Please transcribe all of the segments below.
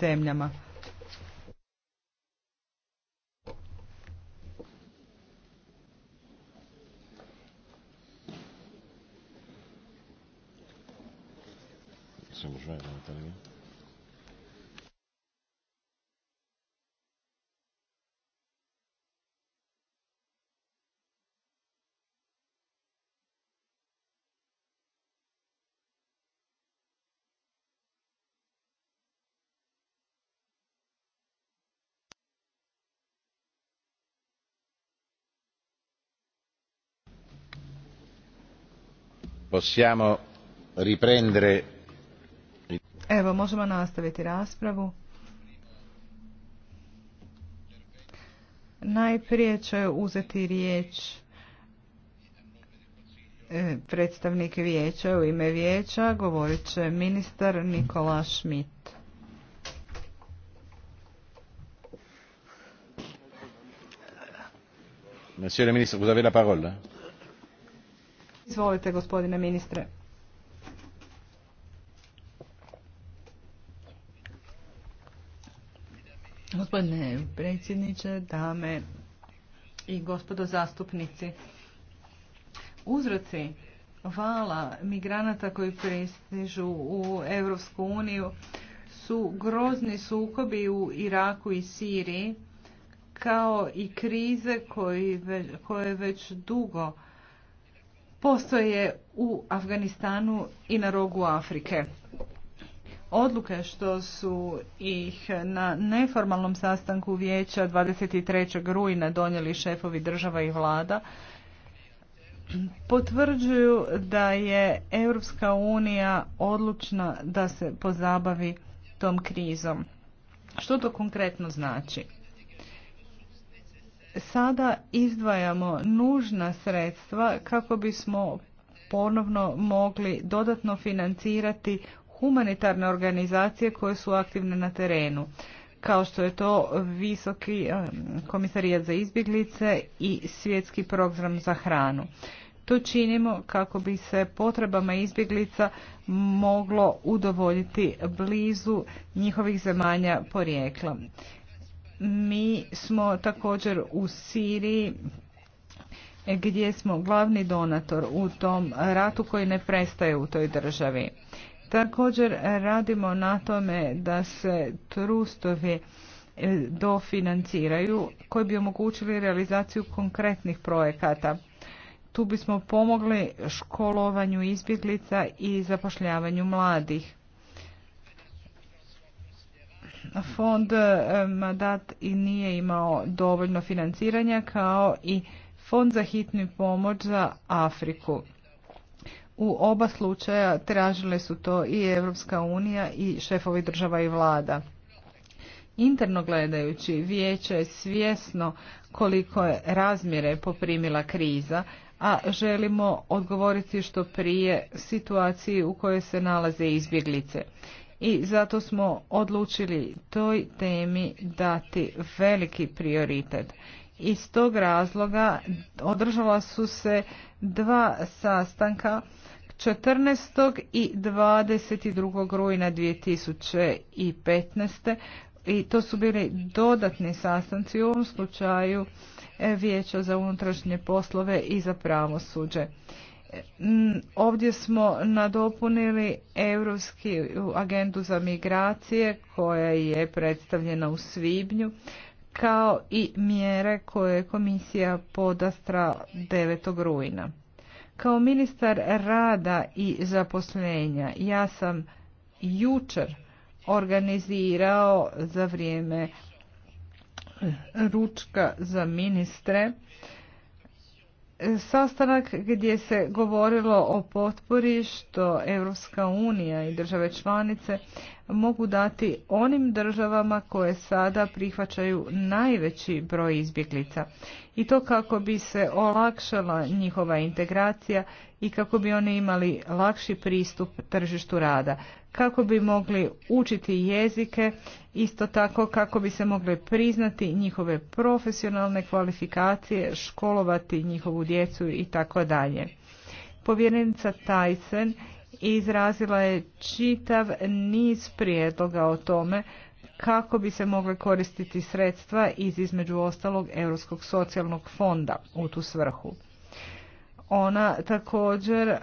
zemljama. se može Possiamo riprendere... Evo, možemo nastaviti raspravu. Najprije će uzeti riječ e, predstavnik vijeća u ime vijeća govorit će ministar Nikola Schmidt. Monsieur le ministre, vous avez la parole. Izvolite, gospodine ministre. Gospodine predsjedniče, dame i gospodo zastupnici, uzroci vala migranata koji pristižu u Europsku uniju su grozni sukobi u Iraku i Siriji kao i krize koje već dugo postoje u Afganistanu i na rogu Afrike. Odluke što su ih na neformalnom sastanku vijeća 23. rujna donijeli šefovi država i vlada potvrđuju da je Europska unija odlučna da se pozabavi tom krizom. Što to konkretno znači? sada izdvajamo nužna sredstva kako bismo ponovno mogli dodatno financirati humanitarne organizacije koje su aktivne na terenu kao što je to Visoki eh, komisarijat za izbjeglice i Svjetski program za hranu. To činimo kako bi se potrebama izbjeglica moglo udovoljiti blizu njihovih zemanja porijekla mi smo također u Siriji e, gdje smo glavni donator u tom ratu koji ne prestaje u toj državi. Također radimo na tome da se trustovi e, dofinanciraju koji bi omogućili realizaciju konkretnih projekata. Tu bismo pomogli školovanju izbjeglica i zapošljavanju mladih fond Madat i nije imao dovoljno financiranja kao i fond za hitnu pomoć za Afriku. U oba slučaja tražile su to i Europska unija i šefovi država i vlada. Interno gledajući, vijeće je svjesno koliko je razmjere poprimila kriza, a želimo odgovoriti što prije situaciji u kojoj se nalaze izbjeglice i zato smo odlučili toj temi dati veliki prioritet. Iz tog razloga održala su se dva sastanka 14. i 22. rujna 2015. I to su bili dodatni sastanci u ovom slučaju Vijeća za unutrašnje poslove i za pravosuđe. Mm, ovdje smo nadopunili Europski agendu za migracije koja je predstavljena u svibnju kao i mjere koje je komisija podastra 9. rujna. Kao ministar rada i zaposlenja ja sam jučer organizirao za vrijeme ručka za ministre sastanak gdje se govorilo o potpori što Europska unija i države članice mogu dati onim državama koje sada prihvaćaju najveći broj izbjeglica i to kako bi se olakšala njihova integracija i kako bi oni imali lakši pristup tržištu rada, kako bi mogli učiti jezike isto tako kako bi se mogle priznati njihove profesionalne kvalifikacije, školovati njihovu djecu i tako dalje. Povjerenica Tyson izrazila je čitav niz prijedloga o tome kako bi se mogle koristiti sredstva iz između ostalog Europskog socijalnog fonda u tu svrhu. Ona također e,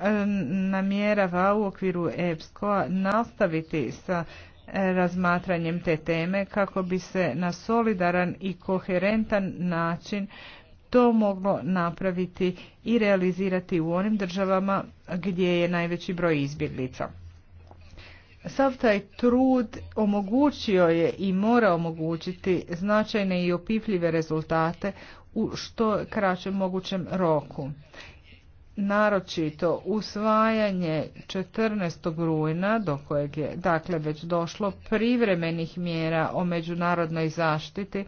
namjerava u okviru epsko a nastaviti sa e, razmatranjem te teme kako bi se na solidaran i koherentan način to moglo napraviti i realizirati u onim državama gdje je najveći broj izbjeglica. Sav taj trud omogućio je i mora omogućiti značajne i opipljive rezultate u što kraćem mogućem roku naročito usvajanje 14. rujna do kojeg je dakle već došlo privremenih mjera o međunarodnoj zaštiti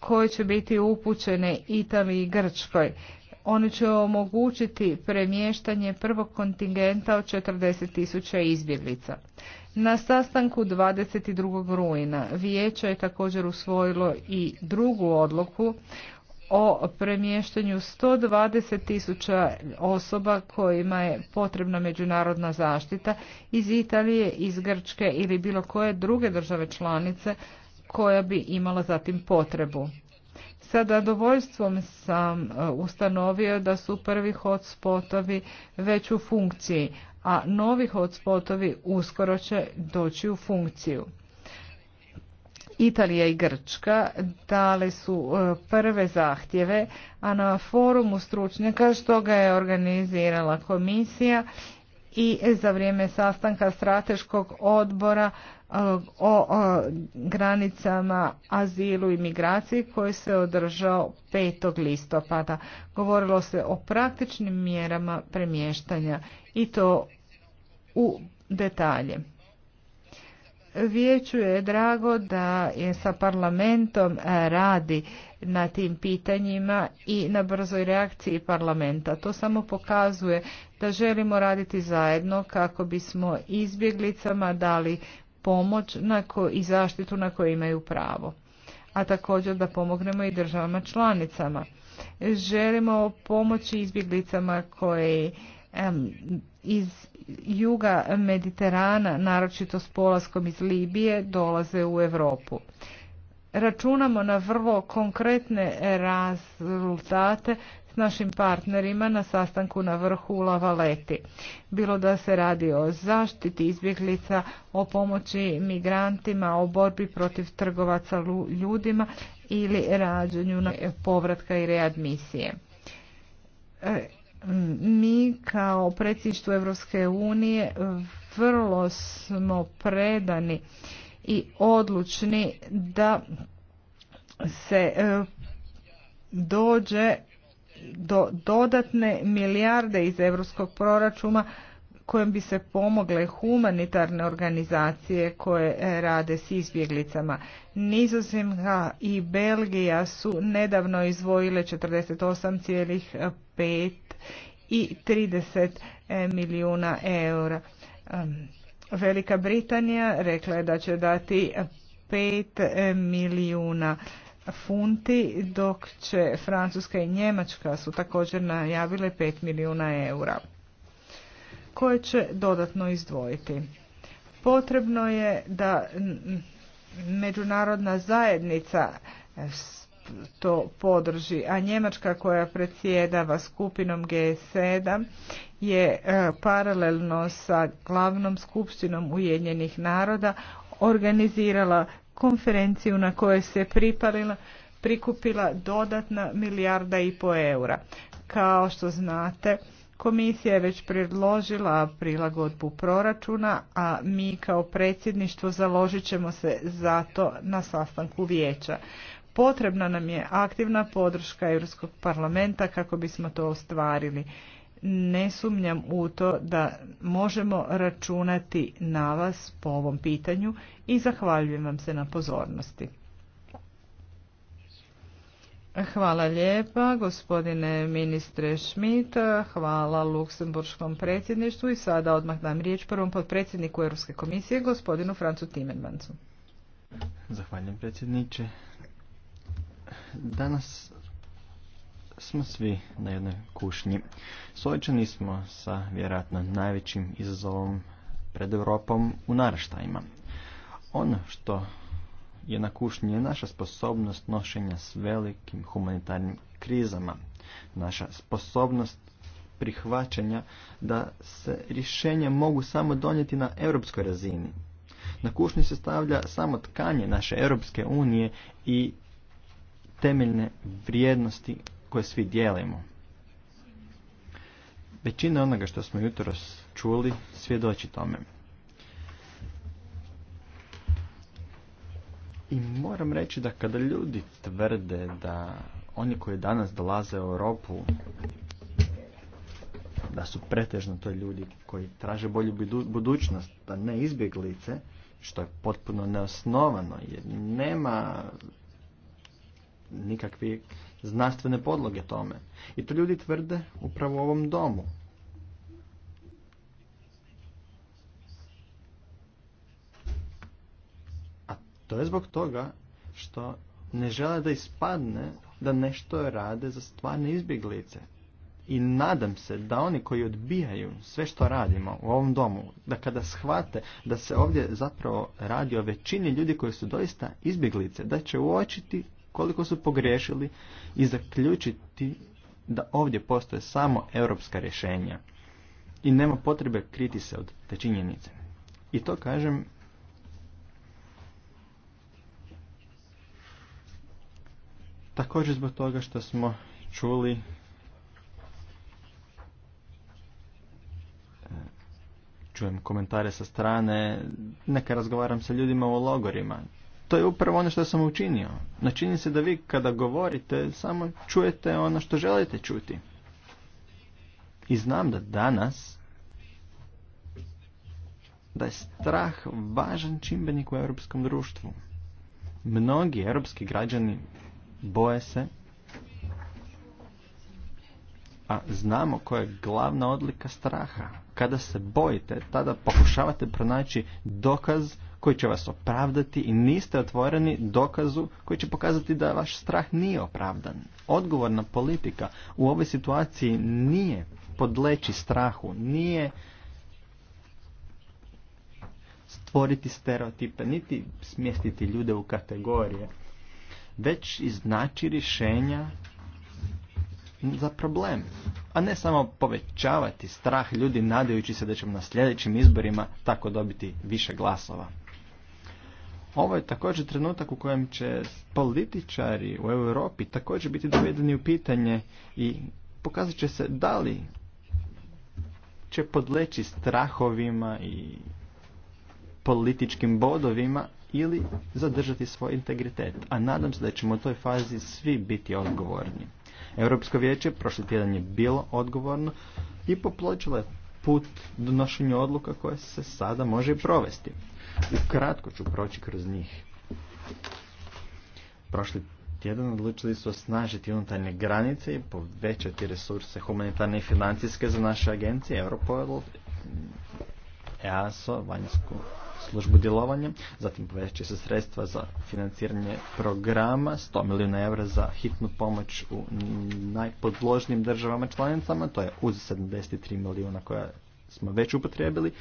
koje će biti upućene Italiji i Grčkoj. One će omogućiti premještanje prvog kontingenta od 40.000 izbjeglica. Na sastanku 22. rujna vijeće je također usvojilo i drugu odluku o premještanju 120.000 tisuća osoba kojima je potrebna međunarodna zaštita iz Italije, iz Grčke ili bilo koje druge države članice koja bi imala zatim potrebu. Sa zadovoljstvom sam e, ustanovio da su prvi hotspotovi već u funkciji, a novi hotspotovi uskoro će doći u funkciju. Italija i Grčka dale su e, prve zahtjeve, a na forumu stručnjaka što ga je organizirala komisija i za vrijeme sastanka strateškog odbora e, o granicama azilu i migraciji koji se održao 5. listopada. Govorilo se o praktičnim mjerama premještanja i to u detalje. Vijeću je drago da je sa parlamentom e, radi na tim pitanjima i na brzoj reakciji parlamenta. To samo pokazuje da želimo raditi zajedno kako bismo izbjeglicama dali pomoć i zaštitu na koju imaju pravo a također da pomognemo i državama članicama. Želimo pomoći izbjeglicama koje iz juga Mediterana, naročito s polaskom iz Libije, dolaze u Europu. Računamo na vrlo konkretne rezultate s našim partnerima na sastanku na vrhu u Lavaleti. Bilo da se radi o zaštiti izbjeglica, o pomoći migrantima, o borbi protiv trgovaca ljudima ili rađenju povratka i readmisije e, mi kao predsjedništvo Europske unije vrlo smo predani i odlučni da se e, dođe do dodatne milijarde iz europskog proračuna kojom bi se pomogle humanitarne organizacije koje rade s izbjeglicama. Nizozemska i Belgija su nedavno izvojile 48,5 i 30 e, milijuna eura. Velika Britanija rekla je da će dati 5 e, milijuna funti, dok će Francuska i Njemačka su također najavile 5 milijuna eura koje će dodatno izdvojiti. Potrebno je da međunarodna zajednica to podrži. A Njemačka koja predsjedava skupinom G7 je e, paralelno sa glavnom skupštinom Ujedinjenih naroda organizirala konferenciju na kojoj se prikupila dodatna milijarda i po eura. Kao što znate, komisija je već predložila prilagodbu proračuna, a mi kao predsjedništvo založit ćemo se za to na sastanku vijeća. Potrebna nam je aktivna podrška Europskog parlamenta kako bismo to ostvarili. Ne sumnjam u to da možemo računati na vas po ovom pitanju i zahvaljujem vam se na pozornosti. Hvala lijepa gospodine ministre Schmidt, hvala Luksemburškom predsjedništvu i sada odmah dam riječ prvom potpredsjedniku Europske komisije gospodinu Francu Timenmancu. Zahvaljujem predsjedniče, Danas smo svi na jednoj kušnji. Suočeni smo sa vjerojatno najvećim izazovom pred Europom u naraštajima. Ono što je na kušnji je naša sposobnost nošenja s velikim humanitarnim krizama, naša sposobnost prihvaćanja da se rješenja mogu samo donijeti na europskoj razini. Na kušnji se stavlja samo tkanje naše Europske unije i temeljne vrijednosti koje svi dijelimo. Većina onoga što smo jutro čuli svjedoči tome. I moram reći da kada ljudi tvrde da oni koji danas dolaze u Europu da su pretežno to ljudi koji traže bolju budućnost, da ne izbjeglice, što je potpuno neosnovano jer nema nikakve znanstvene podloge tome. I to ljudi tvrde upravo u ovom domu. A to je zbog toga što ne žele da ispadne da nešto rade za stvarne izbjeglice. I nadam se da oni koji odbijaju sve što radimo u ovom domu, da kada shvate da se ovdje zapravo radi o većini ljudi koji su doista izbjeglice, da će uočiti koliko su pogriješili i zaključiti da ovdje postoje samo europska rješenja i nema potrebe kriti se od te činjenice. I to kažem također zbog toga što smo čuli e, čujem komentare sa strane, neka razgovaram sa ljudima u logorima to je upravo ono što sam učinio. Načini se da vi kada govorite samo čujete ono što želite čuti. I znam da danas da je strah važan čimbenik u europskom društvu. Mnogi europski građani boje se a znamo koja je glavna odlika straha. Kada se bojite, tada pokušavate pronaći dokaz koji će vas opravdati i niste otvoreni dokazu koji će pokazati da vaš strah nije opravdan. Odgovorna politika u ovoj situaciji nije podleći strahu, nije stvoriti stereotipe, niti smjestiti ljude u kategorije, već iznaći rješenja za problem, a ne samo povećavati strah ljudi nadajući se da ćemo na sljedećim izborima tako dobiti više glasova. Ovo je također trenutak u kojem će političari u Europi također biti dovedeni u pitanje i pokazat će se da li će podleći strahovima i političkim bodovima ili zadržati svoj integritet. A nadam se da ćemo u toj fazi svi biti odgovorni. Europsko vijeće prošli tjedan je bilo odgovorno i popločilo je put donošenju odluka koje se sada može i provesti. Kratko ću proći kroz njih. Prošli tjedan odlučili su osnažiti unutarnje granice i povećati resurse humanitarne i financijske za naše agencije, Europol, EASO, vanjsku službu djelovanja, zatim povećat će se sredstva za financiranje programa, 100 milijuna eura za hitnu pomoć u najpodložnijim državama članicama, to je uz 73 milijuna koja smo već upotrijebili.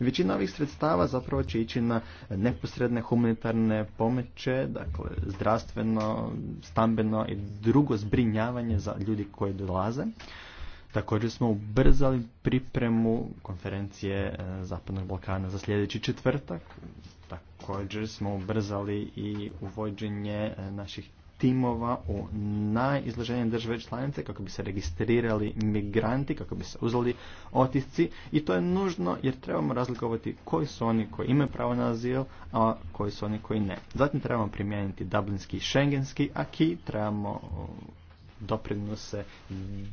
Većina ovih sredstava zapravo će ići na neposredne humanitarne pomoće, dakle zdravstveno, stambeno i drugo zbrinjavanje za ljudi koji dolaze. Također smo ubrzali pripremu konferencije e, Zapadnog Balkana za sljedeći četvrtak. Također smo ubrzali i uvođenje e, naših timova u najizloženije države članice kako bi se registrirali migranti, kako bi se uzeli otisci i to je nužno jer trebamo razlikovati koji su oni koji imaju pravo na azil, a koji su oni koji ne. Zatim trebamo primijeniti dublinski i šengenski ki trebamo doprinose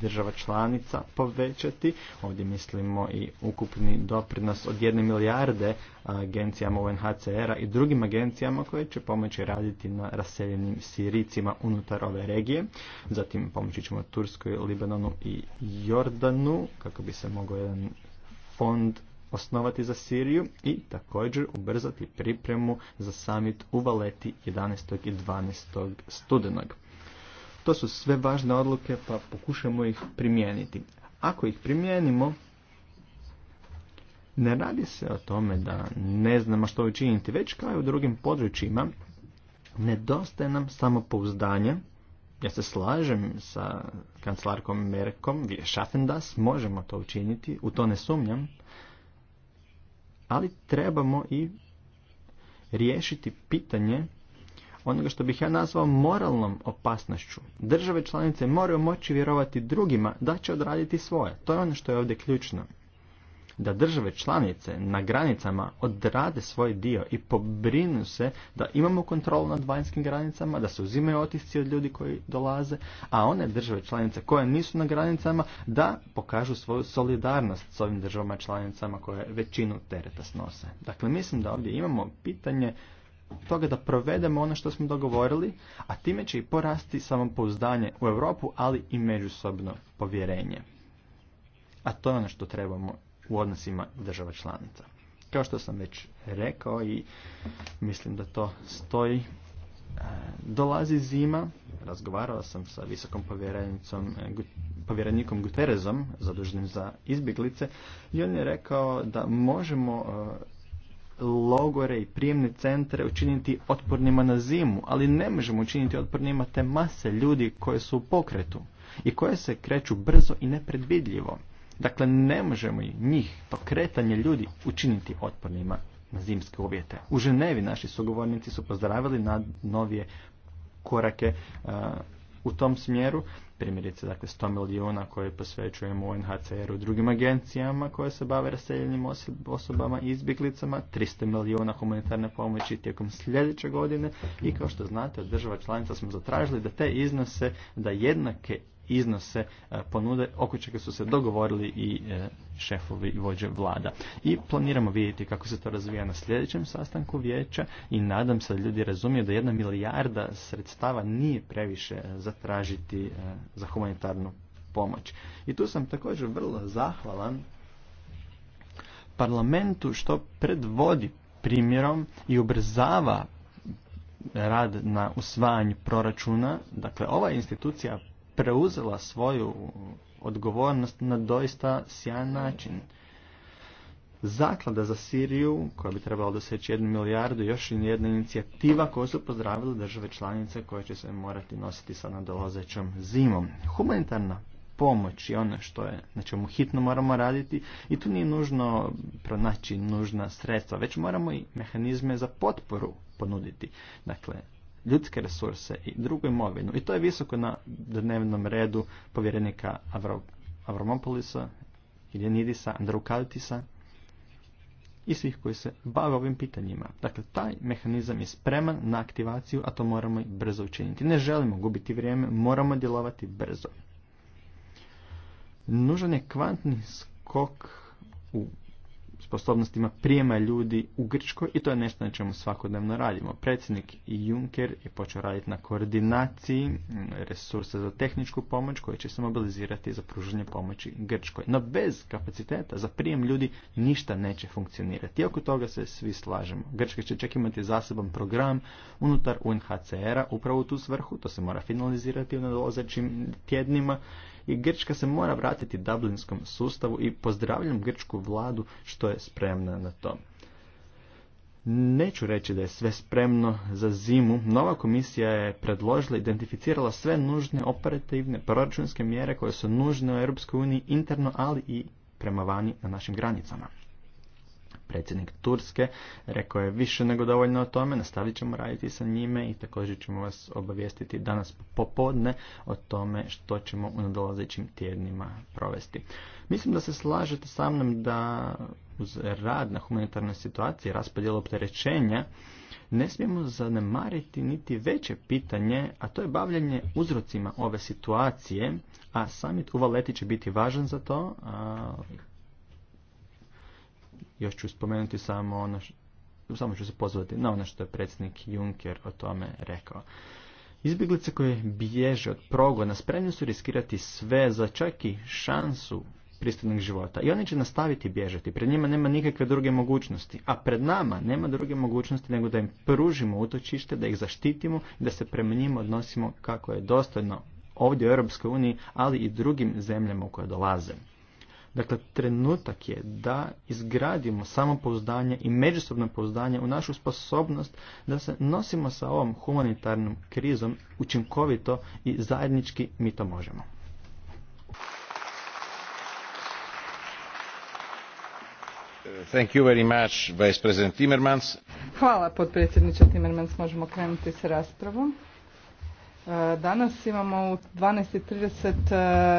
država članica povećati. Ovdje mislimo i ukupni doprinos od jedne milijarde agencijama UNHCR-a i drugim agencijama koje će pomoći raditi na raseljenim Siricima unutar ove regije. Zatim pomoći ćemo Turskoj, Libanonu i Jordanu kako bi se mogao jedan fond osnovati za Siriju i također ubrzati pripremu za summit u Valeti 11. i 12. studenog. To su sve važne odluke pa pokušajmo ih primijeniti. Ako ih primijenimo, ne radi se o tome da ne znamo što učiniti, već kao i u drugim područjima, nedostaje nam samopouzdanje. Ja se slažem sa kancelarkom Merkom, schaffen možemo to učiniti, u to ne sumnjam, ali trebamo i riješiti pitanje onoga što bih ja nazvao moralnom opasnošću. Države članice moraju moći vjerovati drugima da će odraditi svoje. To je ono što je ovdje ključno. Da države članice na granicama odrade svoj dio i pobrinu se da imamo kontrolu nad vanjskim granicama, da se uzimaju otisci od ljudi koji dolaze, a one države članice koje nisu na granicama da pokažu svoju solidarnost s ovim državama članicama koje većinu tereta snose. Dakle, mislim da ovdje imamo pitanje toga da provedemo ono što smo dogovorili, a time će i porasti samopouzdanje u Europu, ali i međusobno povjerenje. A to je ono što trebamo u odnosima država članica. Kao što sam već rekao i mislim da to stoji, e, dolazi zima, razgovarao sam sa visokom povjerenicom, e, povjerenikom Guterrezom, zaduženim za izbjeglice, i on je rekao da možemo e, logore i prijemne centre učiniti otpornima na zimu, ali ne možemo učiniti otpornima te mase ljudi koje su u pokretu i koje se kreću brzo i nepredvidljivo. Dakle, ne možemo i njih, to kretanje ljudi, učiniti otpornima na zimske uvjete. U Ženevi naši sugovornici su pozdravili na novije korake u tom smjeru. Primjerice, dakle, 100 milijuna koje posvećujemo UNHCR-u i drugim agencijama koje se bave raseljenim osobama i izbjeglicama, 300 milijuna humanitarne pomoći tijekom sljedeće godine i kao što znate od država članica smo zatražili da te iznose, da jednake iznose e, ponude oko čega su se dogovorili i e, šefovi i vođe vlada. I planiramo vidjeti kako se to razvija na sljedećem sastanku vijeća i nadam se da ljudi razumiju da jedna milijarda sredstava nije previše e, zatražiti za humanitarnu pomoć. I tu sam također vrlo zahvalan parlamentu što predvodi primjerom i ubrzava rad na usvajanju proračuna. Dakle, ova institucija preuzela svoju odgovornost na doista sjajan način. Zaklada za Siriju, koja bi trebala doseći jednu milijardu, još i jedna inicijativa koju su pozdravili države članice koje će se morati nositi sa nadolazećom zimom. Humanitarna pomoć i ono što je, na čemu hitno moramo raditi i tu nije nužno pronaći nužna sredstva, već moramo i mehanizme za potporu ponuditi. Dakle, ljudske resurse i drugu imovinu. I to je visoko na dnevnom redu povjerenika Avro, Avromopolisa, Iljenidisa, i svih koji se bave ovim pitanjima. Dakle, taj mehanizam je spreman na aktivaciju, a to moramo i brzo učiniti. Ne želimo gubiti vrijeme, moramo djelovati brzo. Nužan je kvantni skok u sposobnostima prijema ljudi u Grčkoj i to je nešto na čemu svakodnevno radimo. Predsjednik Juncker je počeo raditi na koordinaciji resursa za tehničku pomoć koji će se mobilizirati za pružanje pomoći Grčkoj. No bez kapaciteta za prijem ljudi ništa neće funkcionirati. I oko toga se svi slažemo. Grčka će čak imati zaseban program unutar UNHCR-a upravo u tu svrhu. To se mora finalizirati u nadolazećim tjednima i Grčka se mora vratiti dublinskom sustavu i pozdravljam grčku vladu što je spremna na to. Neću reći da je sve spremno za zimu. Nova komisija je predložila i identificirala sve nužne operativne proračunske mjere koje su nužne u EU interno, ali i prema vani na našim granicama predsjednik Turske rekao je više nego dovoljno o tome, nastavit ćemo raditi sa njime i također ćemo vas obavijestiti danas popodne o tome što ćemo u nadolazećim tjednima provesti. Mislim da se slažete sa mnom da uz rad na humanitarnoj situaciji, raspodjelu opterećenja, ne smijemo zanemariti niti veće pitanje, a to je bavljanje uzrocima ove situacije, a samit u Valeti će biti važan za to, a još ću spomenuti samo ono samo ću se pozvati na ono što je predsjednik Juncker o tome rekao. Izbjeglice koje bježe od progona spremni su riskirati sve za čak i šansu pristojnog života. I oni će nastaviti bježati. Pred njima nema nikakve druge mogućnosti. A pred nama nema druge mogućnosti nego da im pružimo utočište, da ih zaštitimo i da se prema njima odnosimo kako je dostojno ovdje u Europskoj uniji, ali i drugim zemljama u koje dolaze. Dakle, trenutak je da izgradimo samopouzdanje i međusobno pouzdanje u našu sposobnost da se nosimo sa ovom humanitarnom krizom učinkovito i zajednički mi to možemo. Thank you very much, Vice President Timmermans. Hvala potpredsjedniče Timmermans, možemo krenuti s raspravom. E, danas imamo u 12.30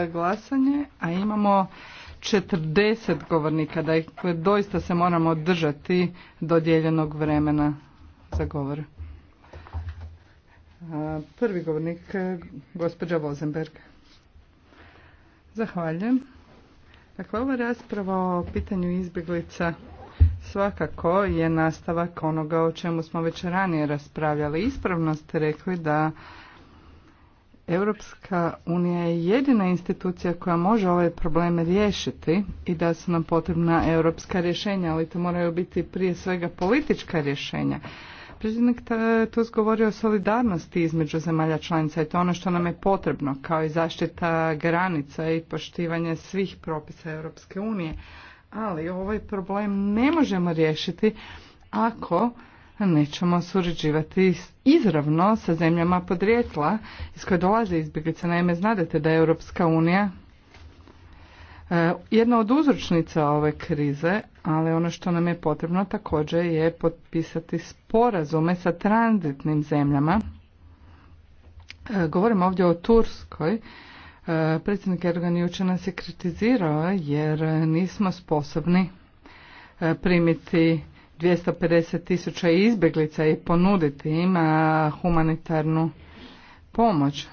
e, glasanje, a imamo 40 govornika, ih doista se moramo držati dodijeljenog vremena za govor. E, prvi govornik, e, gospođa Vozenberg. Zahvaljujem. Dakle, ova rasprava o pitanju izbjeglica svakako je nastavak onoga o čemu smo već ranije raspravljali. Ispravno ste rekli da Europska unija je jedina institucija koja može ove probleme riješiti i da su nam potrebna europska rješenja, ali to moraju biti prije svega politička rješenja. Predsjednik tu govori o solidarnosti između zemalja članica i to ono što nam je potrebno, kao i zaštita granica i poštivanje svih propisa Europske unije. Ali ovaj problem ne možemo riješiti ako nećemo surađivati izravno sa zemljama podrijetla iz koje dolaze izbjeglice. Naime, znadete da je Europska unija e, jedna od uzročnica ove krize, ali ono što nam je potrebno također je potpisati sporazume sa tranzitnim zemljama. E, Govorimo ovdje o Turskoj. E, predsjednik Erdogan jučer nas je kritizirao jer nismo sposobni primiti 250 tisuća izbjeglica i ponuditi ima humanitarnu pomoć.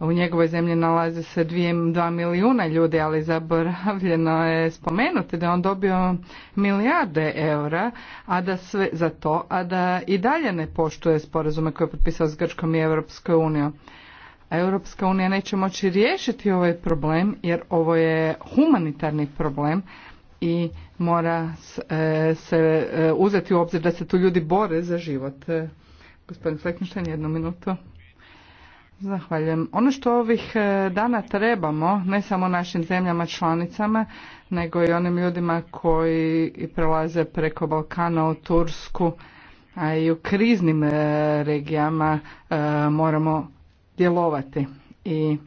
u njegovoj zemlji nalaze se 2 milijuna ljudi, ali zaboravljeno je spomenuti da je on dobio milijarde eura a da sve, za to, a da i dalje ne poštuje sporazume koje je potpisao s Grčkom i Europskoj unijom. Europska unija neće moći riješiti ovaj problem jer ovo je humanitarni problem i mora e, se e, uzeti u obzir da se tu ljudi bore za život. E, gospodin Fleckenstein, jednu minutu. Zahvaljujem. Ono što ovih dana trebamo, ne samo našim zemljama članicama, nego i onim ljudima koji prelaze preko Balkana u Tursku, a i u kriznim regijama moramo djelovati. I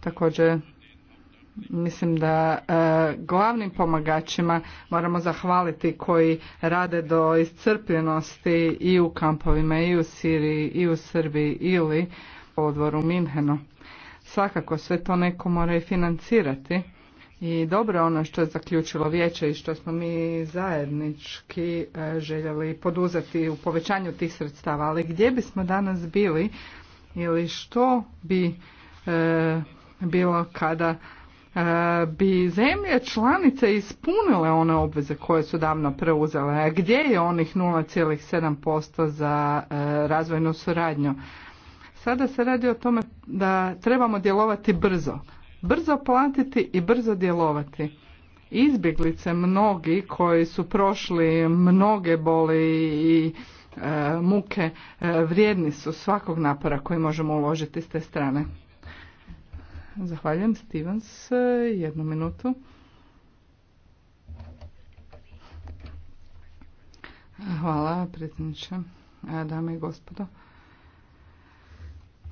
također mislim da e, glavnim pomagačima moramo zahvaliti koji rade do iscrpljenosti i u kampovima i u Siriji i u Srbiji ili u odvoru Minhenu. Svakako sve to neko mora i financirati. I dobro je ono što je zaključilo vijeće i što smo mi zajednički e, željeli poduzeti u povećanju tih sredstava. Ali gdje bismo danas bili ili što bi e, bilo kada E, bi zemlje članice ispunile one obveze koje su davno preuzele. A e, gdje je onih 0,7% za e, razvojnu suradnju? Sada se radi o tome da trebamo djelovati brzo. Brzo platiti i brzo djelovati. Izbjeglice mnogi koji su prošli mnoge boli i muke vrijedni su svakog napora koji možemo uložiti s te strane. Zahvaljujem. Stevens, jednu minutu. Hvala, predsjedniče, e, dame i gospodo.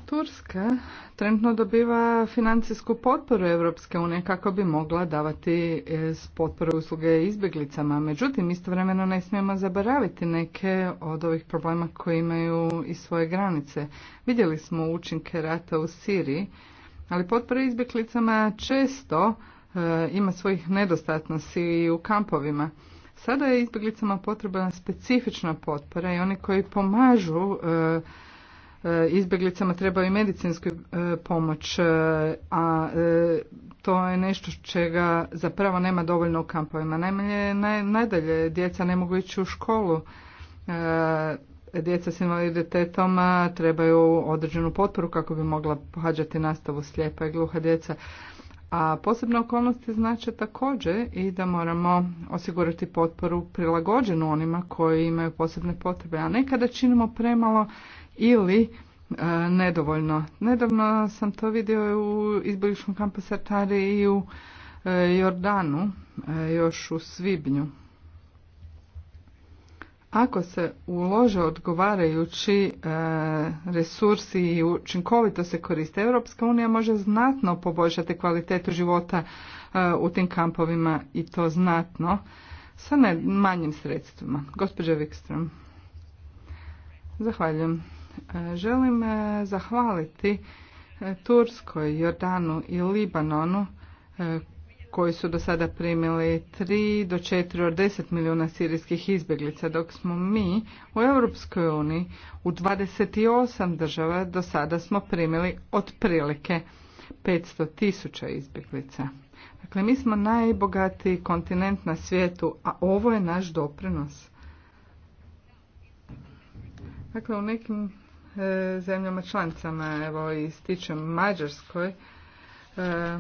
Turska trenutno dobiva financijsku potporu Europske unije kako bi mogla davati e, potporu usluge izbjeglicama. Međutim, istovremeno ne smijemo zaboraviti neke od ovih problema koje imaju i svoje granice. Vidjeli smo učinke rata u Siriji ali potpora izbjeglicama često e, ima svojih nedostatnosti i u kampovima. Sada je izbjeglicama potrebna specifična potpora i oni koji pomažu e, e, izbjeglicama trebaju i medicinsku pomoć, a to je nešto čega zapravo nema dovoljno u kampovima. Najmanje nadalje djeca ne mogu ići u školu, djeca s invaliditetom trebaju određenu potporu kako bi mogla pohađati nastavu slijepa i gluha djeca. A posebne okolnosti znače također i da moramo osigurati potporu prilagođenu onima koji imaju posebne potrebe, a nekada činimo premalo ili e, nedovoljno. Nedavno sam to vidio u izbjegličkom kampu Sartari i u e, Jordanu, e, još u Svibnju. Ako se ulože odgovarajući e, resursi i učinkovito se koriste, Europska unija može znatno poboljšati kvalitetu života e, u tim kampovima i to znatno sa ne manjim sredstvima. Gospođa Wikström. Zahvaljujem. E, želim zahvaliti Turskoj, Jordanu i Libanonu koji su do sada primili 3 do 4 od 10 milijuna sirijskih izbjeglica, dok smo mi u Europskoj uniji u 28 država do sada smo primili otprilike 500 tisuća izbjeglica. Dakle, mi smo najbogatiji kontinent na svijetu, a ovo je naš doprinos. Dakle, u nekim e, zemljama članicama, evo ističem Mađarskoj, e,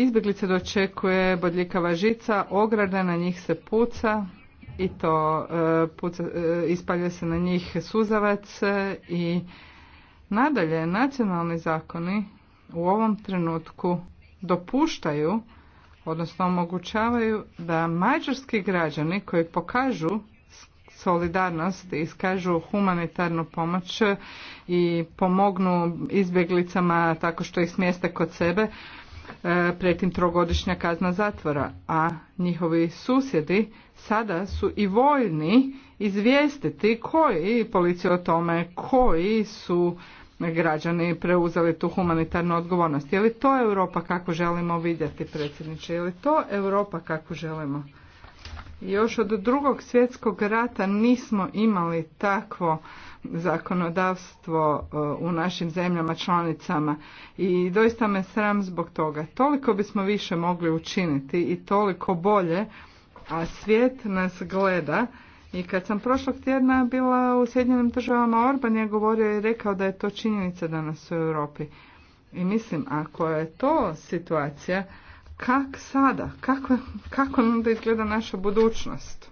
Izbjeglice dočekuje bodljikava žica, ograda na njih se puca i to e, puca, e, se na njih suzavac e, i nadalje nacionalni zakoni u ovom trenutku dopuštaju odnosno omogućavaju da mađarski građani koji pokažu solidarnost, iskažu humanitarnu pomoć i pomognu izbjeglicama tako što ih smjeste kod sebe, E, pretim trogodišnja kazna zatvora, a njihovi susjedi sada su i voljni izvijestiti koji policija o tome, koji su građani preuzeli tu humanitarnu odgovornost. Je li to Europa kako želimo vidjeti, predsjedniče? Je li to Europa kako želimo? Još od drugog svjetskog rata nismo imali takvo zakonodavstvo e, u našim zemljama članicama i doista me sram zbog toga. Toliko bismo više mogli učiniti i toliko bolje, a svijet nas gleda. I kad sam prošlog tjedna bila u Sjedinjenim državama, Orban je govorio i rekao da je to činjenica danas u Europi. I mislim, ako je to situacija, kak sada? Kako, kako nam da izgleda naša budućnost?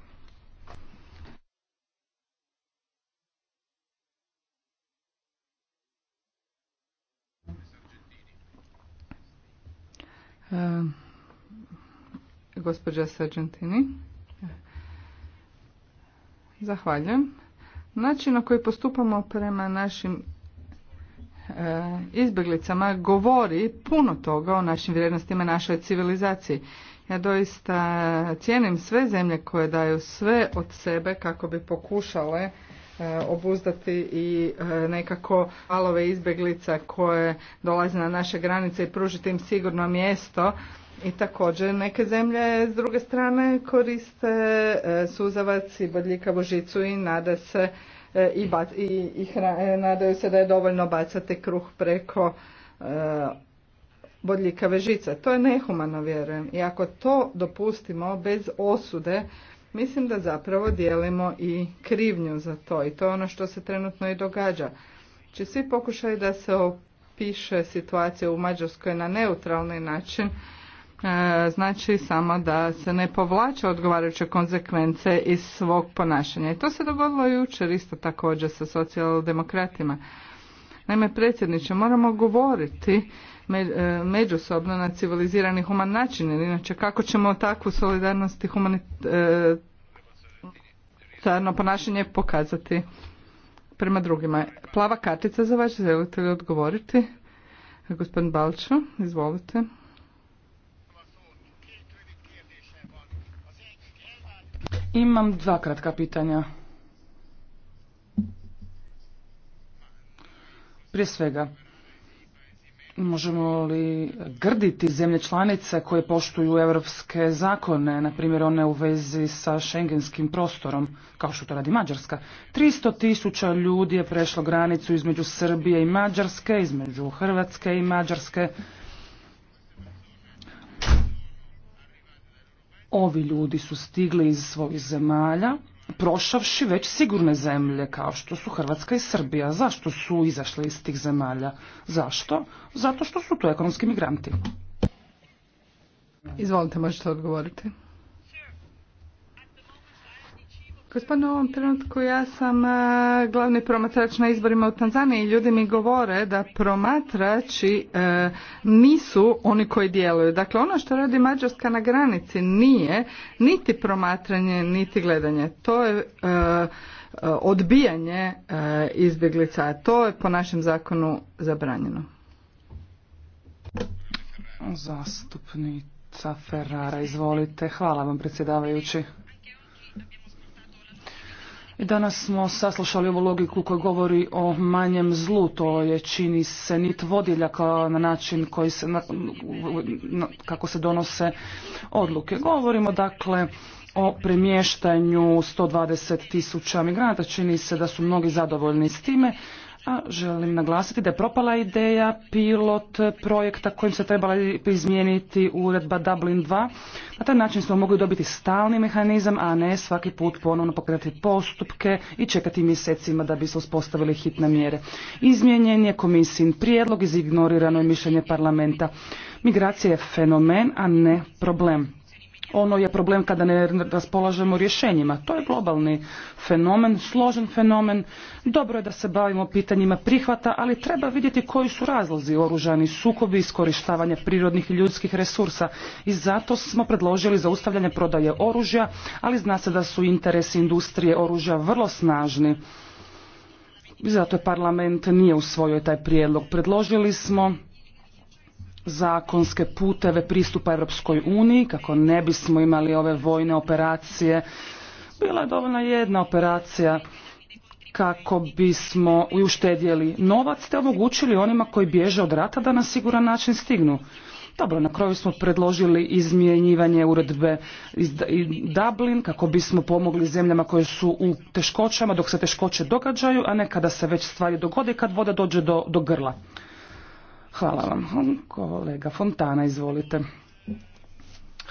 Uh, gospođa Sargentini. Zahvaljujem. Način na koji postupamo prema našim Eh, izbjeglicama govori puno toga o našim vrijednostima, našoj civilizaciji. Ja doista cijenim sve zemlje koje daju sve od sebe kako bi pokušale eh, obuzdati i eh, nekako alove izbjeglica koje dolaze na naše granice i pružiti im sigurno mjesto. I također neke zemlje s druge strane koriste suzavac i bodljikavu žicu i nada se E, i, i, i e, nadaju se da je dovoljno bacati kruh preko e, bodljikave žice. To je nehumano, vjerujem. I ako to dopustimo bez osude, mislim da zapravo dijelimo i krivnju za to. I to je ono što se trenutno i događa. Či svi pokušaju da se opiše situacija u Mađarskoj na neutralni način, E, znači samo da se ne povlače odgovarajuće konsekvence iz svog ponašanja. I to se dogodilo jučer isto također sa socijaldemokratima. Naime, predsjedniče, moramo govoriti e, međusobno na civilizirani human način, jer inače kako ćemo takvu solidarnost i humanitarno e, ponašanje pokazati prema drugima. Plava kartica za vaš želite li odgovoriti? Gospodin Balčo, izvolite. Imam dva kratka pitanja. Prije svega, možemo li grditi zemlje članice koje poštuju europske zakone, na primjer one u vezi sa šengenskim prostorom, kao što to radi Mađarska? 300 tisuća ljudi je prešlo granicu između Srbije i Mađarske, između Hrvatske i Mađarske. Ovi ljudi su stigli iz svojih zemalja, prošavši već sigurne zemlje kao što su Hrvatska i Srbija. Zašto su izašli iz tih zemalja? Zašto? Zato što su to ekonomski migranti. Izvolite, možete odgovoriti. Gospodine, u ovom trenutku ja sam e, glavni promatrač na izborima u Tanzaniji i ljudi mi govore da promatrači e, nisu oni koji djeluju. Dakle, ono što radi Mađarska na granici nije niti promatranje, niti gledanje. To je e, odbijanje izbjeglica. To je po našem zakonu zabranjeno. Zastupnica Ferrara, izvolite. Hvala vam predsjedavajući. Danas smo saslušali ovu logiku koja govori o manjem zlu, to je čini se nit vodilja na način koji se, kako se donose odluke. Govorimo dakle o premještanju 120 tisuća migranata, čini se da su mnogi zadovoljni s time, a želim naglasiti da je propala ideja pilot projekta kojim se trebala izmijeniti uredba Dublin 2. Na taj način smo mogli dobiti stalni mehanizam, a ne svaki put ponovno pokretati postupke i čekati mjesecima da bi se uspostavili hitne mjere. Izmijenjen je komisijin prijedlog, izignorirano je mišljenje parlamenta. Migracija je fenomen, a ne problem ono je problem kada ne raspolažemo rješenjima. To je globalni fenomen, složen fenomen. Dobro je da se bavimo pitanjima prihvata, ali treba vidjeti koji su razlozi oružani sukobi, iskorištavanje prirodnih i ljudskih resursa. I zato smo predložili zaustavljanje prodaje oružja, ali zna se da su interesi industrije oružja vrlo snažni. I zato je parlament nije usvojio taj prijedlog. Predložili smo zakonske puteve pristupa Europskoj uniji kako ne bismo imali ove vojne operacije. Bila je dovoljna jedna operacija kako bismo uštedjeli novac te omogućili onima koji bježe od rata da na siguran način stignu. Dobro, na kraju smo predložili izmjenjivanje uredbe iz Dublin kako bismo pomogli zemljama koje su u teškoćama dok se teškoće događaju, a ne kada se već stvari dogode i kad voda dođe do, do grla. Hvala vam. Kolega Fontana, izvolite.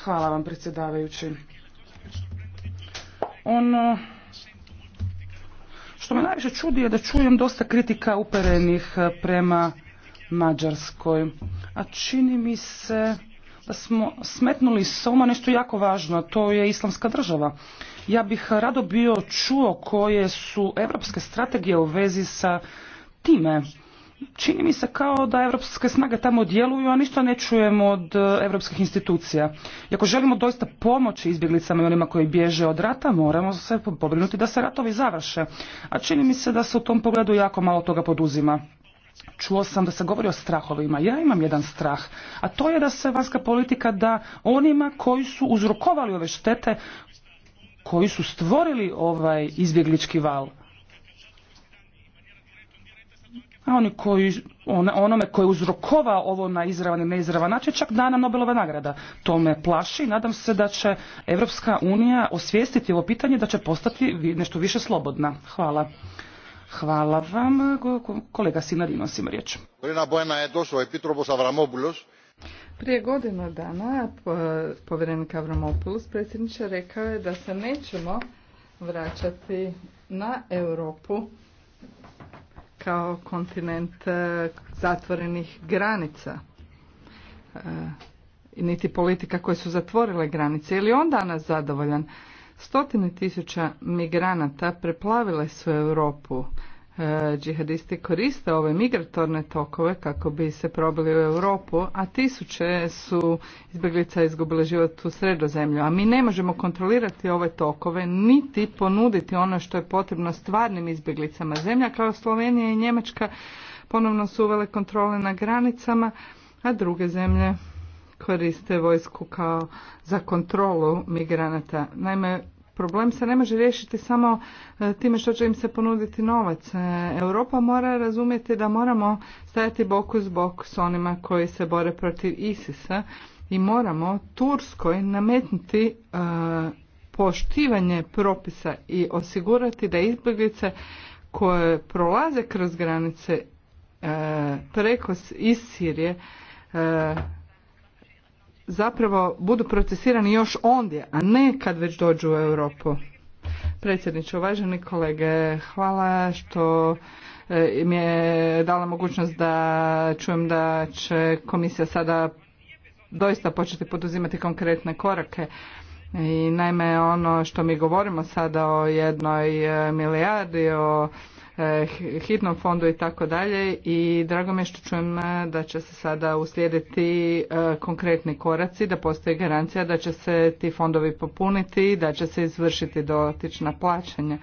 Hvala vam, predsjedavajući. Ono što me najviše čudi je da čujem dosta kritika uperenih eh, prema Mađarskoj. A čini mi se da smo smetnuli s oma nešto jako važno, a to je islamska država. Ja bih rado bio čuo koje su evropske strategije u vezi sa time čini mi se kao da evropske snage tamo djeluju, a ništa ne čujemo od e, evropskih institucija. I ako želimo doista pomoći izbjeglicama i onima koji bježe od rata, moramo se pobrinuti da se ratovi završe. A čini mi se da se u tom pogledu jako malo toga poduzima. Čuo sam da se govori o strahovima. Ja imam jedan strah, a to je da se vanjska politika da onima koji su uzrokovali ove štete, koji su stvorili ovaj izbjeglički val. A koji, onome koji je uzrokovao ovo na izravan i neizravan način čak dana Nobelova nagrada. To me plaši. Nadam se da će Evropska unija osvijestiti ovo pitanje da će postati nešto više slobodna. Hvala. Hvala vam. Kolega Sinari, riječ. Ovaj Prije godinu dana povjerenik Avramopoulos predsjedniče rekao je da se nećemo vraćati na Europu kao kontinent e, zatvorenih granica e, niti politika koje su zatvorile granice. ili on danas zadovoljan? Stotine tisuća migranata preplavile su Europu E, džihadisti koriste ove migratorne tokove kako bi se probili u Europu, a tisuće su izbjeglica izgubile život u sredozemlju. A mi ne možemo kontrolirati ove tokove, niti ponuditi ono što je potrebno stvarnim izbjeglicama. Zemlja kao Slovenija i Njemačka ponovno su uvele kontrole na granicama, a druge zemlje koriste vojsku kao za kontrolu migranata. Naime, problem se ne može riješiti samo e, time što će im se ponuditi novac. E, Europa mora razumjeti da moramo stajati bok uz bok s onima koji se bore protiv ISIS-a i moramo Turskoj nametnuti e, poštivanje propisa i osigurati da izbjeglice koje prolaze kroz granice preko iz Sirije zapravo budu procesirani još ondje, a ne kad već dođu u Europu. Predsjedniče, uvaženi kolege, hvala što e, mi je dala mogućnost da čujem da će komisija sada doista početi poduzimati konkretne korake. I naime ono što mi govorimo sada o jednoj e, milijardi, o Eh, hitnom fondu i tako dalje i drago mi je što čujem eh, da će se sada uslijediti eh, konkretni koraci, da postoji garancija da će se ti fondovi popuniti, i da će se izvršiti dotična plaćanja.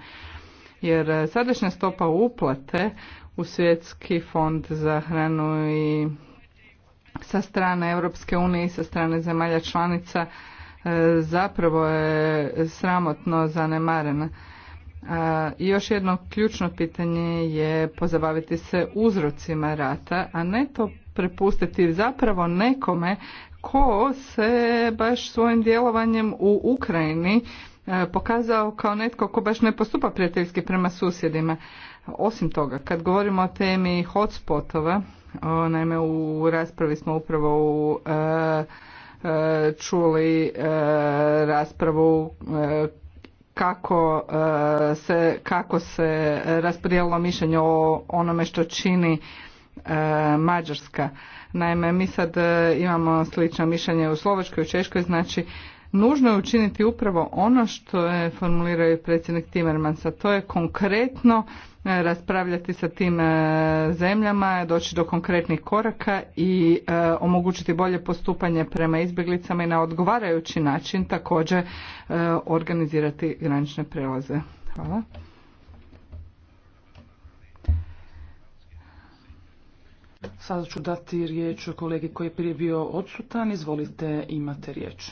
Jer sadašnja stopa uplate u svjetski fond za hranu i sa strane Europske unije i sa strane zemalja članica zapravo je sramotno zanemarena. A, još jedno ključno pitanje je pozabaviti se uzrocima rata, a ne to prepustiti zapravo nekome ko se baš svojim djelovanjem u Ukrajini e, pokazao kao netko ko baš ne postupa prijateljski prema susjedima. Osim toga, kad govorimo o temi hotspotova, naime u raspravi smo upravo u, e, e, čuli raspravu kako e, se, kako se raspodijelilo mišljenje o onome što čini e, Mađarska. Naime, mi sad e, imamo slično mišljenje u Slovačkoj u Češkoj, znači Nužno je učiniti upravo ono što je formulirao i predsjednik Timmermansa, to je konkretno e, raspravljati sa tim e, zemljama, doći do konkretnih koraka i e, omogućiti bolje postupanje prema izbjeglicama i na odgovarajući način također organizirati granične prelaze. Hvala. Sada ću dati riječ kolegi koji je prije bio odsutan. Izvolite, imate riječ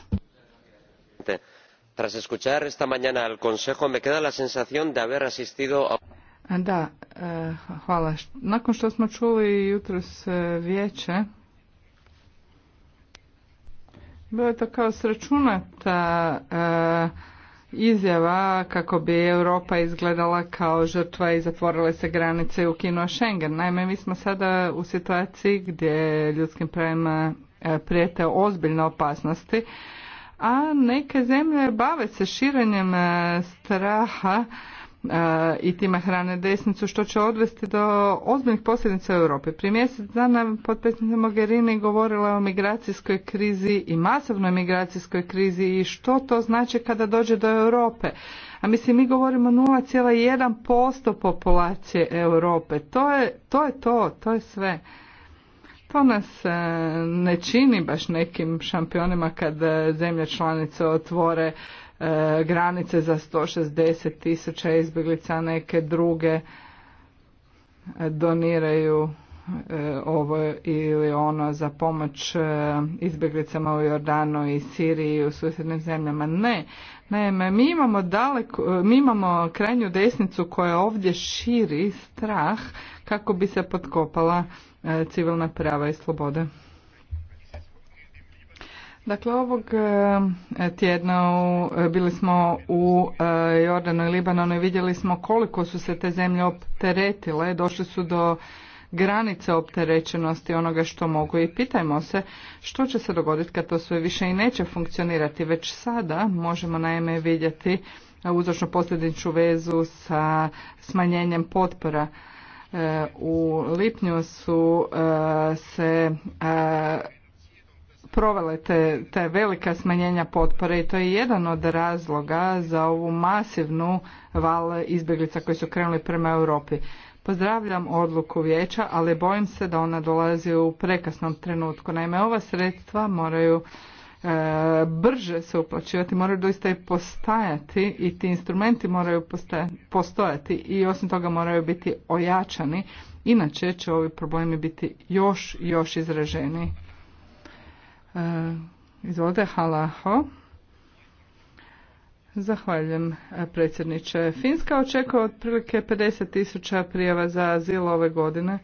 tras escuchar esta mañana al consejo me queda la sensación de haber asistido a da, eh, hvala. Nakon što smo čuli jutros eh, vijeće, bilo je to kao sračunata eh, izjava kako bi Europa izgledala kao žrtva i zatvorile se granice u kino Schengen. Naime, mi smo sada u situaciji gdje ljudskim pravima prijete ozbiljne opasnosti a neke zemlje bave se širenjem e, straha e, i time hrane desnicu, što će odvesti do ozbiljnih posljedica u Europi. Prije mjesec dana potpredsjednica Mogherini govorila o migracijskoj krizi i masovnoj migracijskoj krizi i što to znači kada dođe do Europe. A mislim, mi govorimo 0,1% populacije Europe. To je, to je to, to je sve. To pa nas e, ne čini baš nekim šampionima kad e, zemlje članice otvore e, granice za 160 tisuća izbjeglica, neke druge doniraju ovo ili ono za pomoć izbjeglicama u Jordanu i Siriji i u susjednim zemljama. Ne, naime, mi imamo daleko, mi imamo krajnju desnicu koja ovdje širi strah kako bi se potkopala E, civilna prava i slobode. Dakle, ovog e, tjedna e, bili smo u Jordanu i Libanonu i vidjeli smo koliko su se te zemlje opteretile, došli su do granice opterećenosti onoga što mogu i pitajmo se što će se dogoditi kad to sve više i neće funkcionirati. Već sada možemo naime vidjeti uzročno posljedniču vezu sa smanjenjem potpora u lipnju su e, se e, provele te, te velika smanjenja potpore i to je jedan od razloga za ovu masivnu val izbjeglica koji su krenuli prema Europi. Pozdravljam odluku vijeća, ali bojim se da ona dolazi u prekasnom trenutku. Naime, ova sredstva moraju brže se uplaćivati, moraju doista i postajati i ti instrumenti moraju postojati i osim toga moraju biti ojačani, inače će ovi problemi biti još još izraženi. E, izvolite, halaho. Zahvaljujem e, predsjedniče. Finska očekuje otprilike 50 tisuća prijava za azil ove godine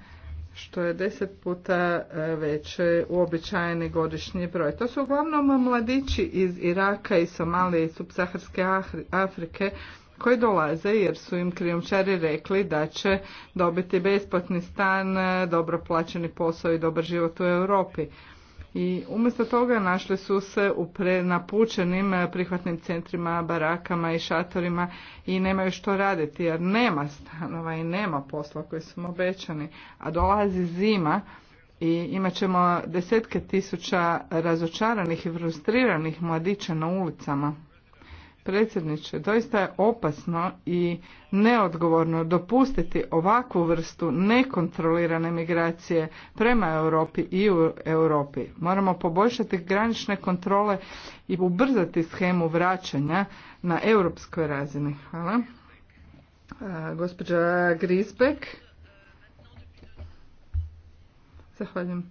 što je deset puta e, veće uobičajeni godišnji broj. To su uglavnom mladići iz Iraka i Somalije i subsaharske Afrike koji dolaze jer su im krijumčari rekli da će dobiti besplatni stan, e, dobro plaćeni posao i dobar život u Europi. I umjesto toga našli su se u prenapučenim eh, prihvatnim centrima, barakama i šatorima i nemaju što raditi jer nema stanova i nema posla koji su obećani, a dolazi zima i imat ćemo desetke tisuća razočaranih i frustriranih mladića na ulicama. Predsjedniče, doista je opasno i neodgovorno dopustiti ovakvu vrstu nekontrolirane migracije prema Europi i u Europi. Moramo poboljšati granične kontrole i ubrzati schemu vraćanja na europskoj razini. Hvala. E, gospođa Grisbeck. Zahvaljujem.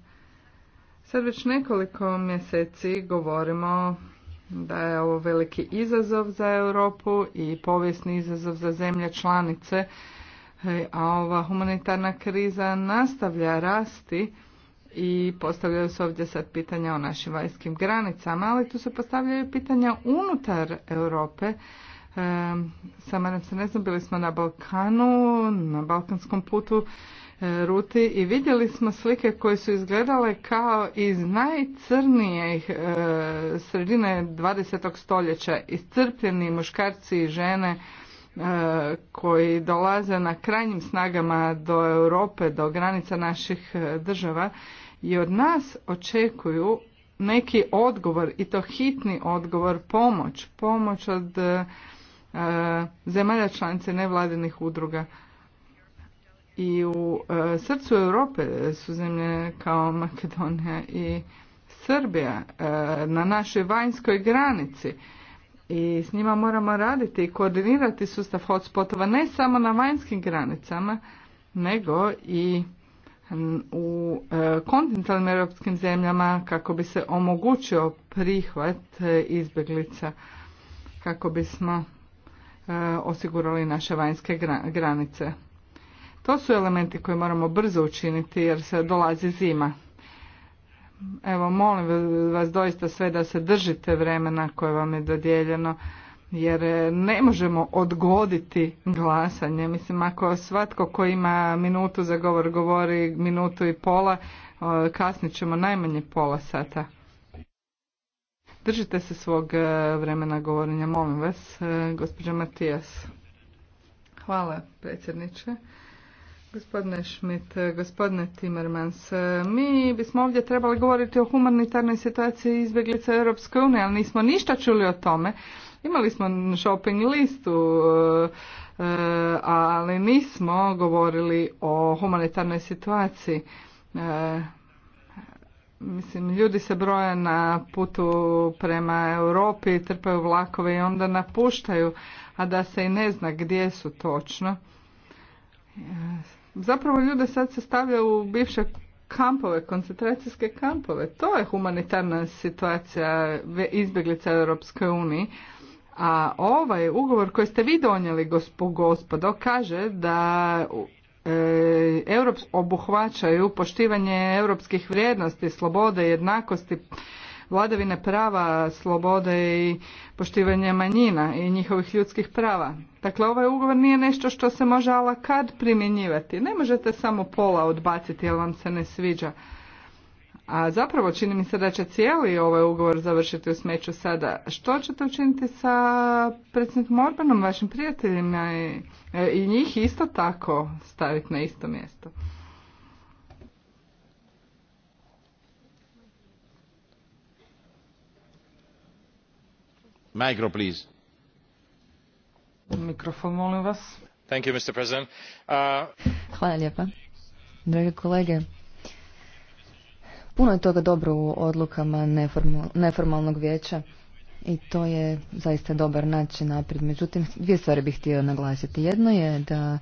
Sad već nekoliko mjeseci govorimo da je ovo veliki izazov za Europu i povijesni izazov za zemlje članice, e, a ova humanitarna kriza nastavlja rasti i postavljaju se ovdje sad pitanja o našim vanjskim granicama, ali tu se postavljaju pitanja unutar Europe. E, se ne znam, bili smo na Balkanu, na Balkanskom putu E, ruti i vidjeli smo slike koje su izgledale kao iz najcrnijih e, sredine 20. stoljeća, iscrpljeni muškarci i žene e, koji dolaze na krajnjim snagama do Europe, do granica naših država i od nas očekuju neki odgovor i to hitni odgovor, pomoć, pomoć od zemalja članice nevladinih udruga i u e, srcu Europe su zemlje kao Makedonija i Srbija e, na našoj vanjskoj granici i s njima moramo raditi i koordinirati sustav hotspotova ne samo na vanjskim granicama nego i u e, kontinentalnim europskim zemljama kako bi se omogućio prihvat izbjeglica kako bismo osigurali naše vanjske granice. To su elementi koje moramo brzo učiniti jer se dolazi zima. Evo, molim vas doista sve da se držite vremena koje vam je dodijeljeno jer ne možemo odgoditi glasanje. Mislim, ako svatko ko ima minutu za govor govori minutu i pola, e, kasnit ćemo najmanje pola sata. Držite se svog e, vremena govorenja, molim vas, e, gospođa Matijas. Hvala, predsjedniče. Gospodine Schmidt, gospodine Timmermans, mi bismo ovdje trebali govoriti o humanitarnoj situaciji izbjeglica Europske unije, ali nismo ništa čuli o tome. Imali smo shopping listu, ali nismo govorili o humanitarnoj situaciji. Mislim, ljudi se broje na putu prema Europi, trpaju vlakove i onda napuštaju, a da se i ne zna gdje su točno zapravo ljude sad se stavlja u bivše kampove, koncentracijske kampove. To je humanitarna situacija izbjeglica Europske uniji. A ovaj ugovor koji ste vi donijeli, gospodo, kaže da e, obuhvaćaju poštivanje europskih vrijednosti, slobode, jednakosti, vladavine prava, slobode i poštivanja manjina i njihovih ljudskih prava. Dakle, ovaj ugovor nije nešto što se može ala kad primjenjivati. Ne možete samo pola odbaciti jer vam se ne sviđa. A zapravo čini mi se da će cijeli ovaj ugovor završiti u smeću sada. Što ćete učiniti sa predsjednikom Orbanom, vašim prijateljima i, e, i njih isto tako staviti na isto mjesto? Micro, please. Mikrofon, molim vas. Thank you, Mr. President. Uh, Hvala lijepa. Drage kolege, puno je toga dobro u odlukama neformalnog vijeća i to je zaista dobar način naprijed. Međutim, dvije stvari bih htio naglasiti. Jedno je da